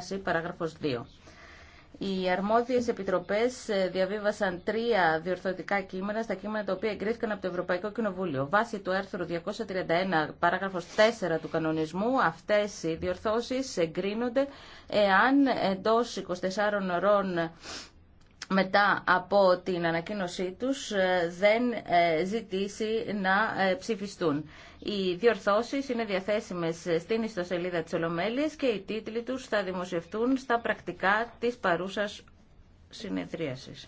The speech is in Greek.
σε παράγραφος 2. Οι αρμόδιες επιτροπές ε, διαβίβασαν τρία διορθωτικά κείμενα στα κείμενα τα οποία εγκρίθηκαν από το Ευρωπαϊκό Κοινοβούλιο. Βάσει του άρθρου 231 παράγραφος 4 του κανονισμού αυτές οι διορθώσεις εγκρίνονται εάν εντός 24 ώρων μετά από την ανακοίνωσή τους ε, δεν ε, ζητήσει να ε, ψηφιστούν. Οι διορθώσεις είναι διαθέσιμες στην ιστοσελίδα της Ολομέλειας και οι τίτλοι τους θα δημοσιευτούν στα πρακτικά της παρούσας συνεδρίασης.